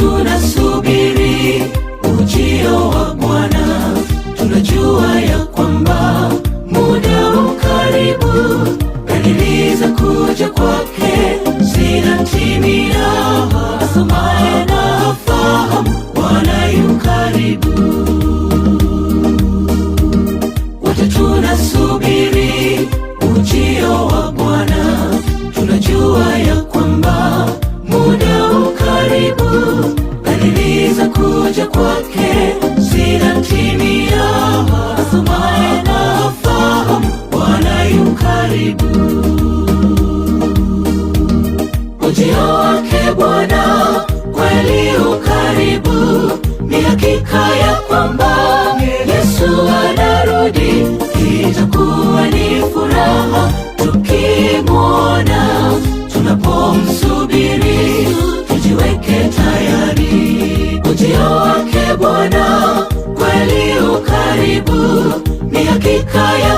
tunasubiri ujio wa Bwana, tunajua ya kwamba muda ukaribu karibu, dalili za kuja kwake zinatimia. ni hakika ya kwamba Yesu anarudi, itakuwa ni furaha tukimwona, tunapomsubiri tujiweke tayari. Ujio wake Bwana kweli ukaribu, ni hakika ya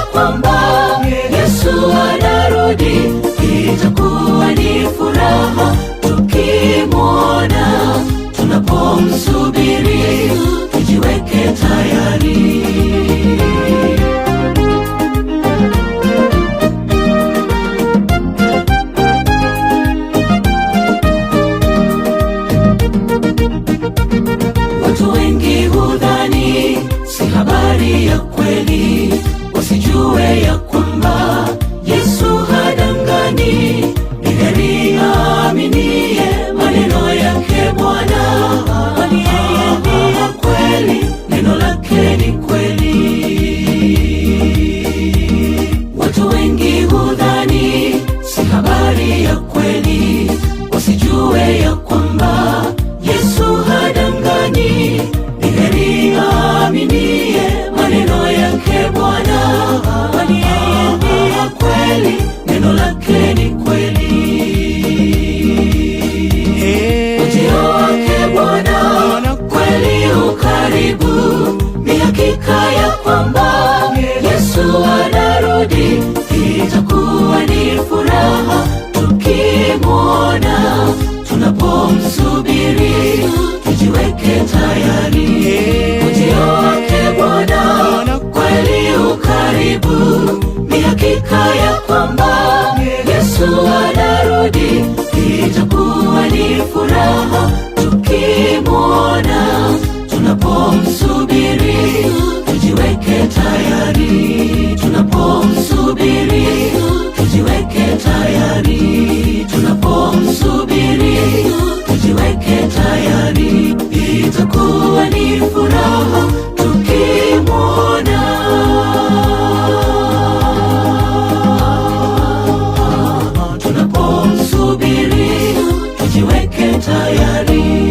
You. shaka ya kwamba Yesu anarudi, itakuwa ni furaha tukimwona, tunapomsubiri tujiweke tayari ujio wake Bwana kweli ukaribu. Ni hakika ya kwamba Yesu ana itakuwa ni furaha tukimwona. Tunapomsubiri tujiweke tayari.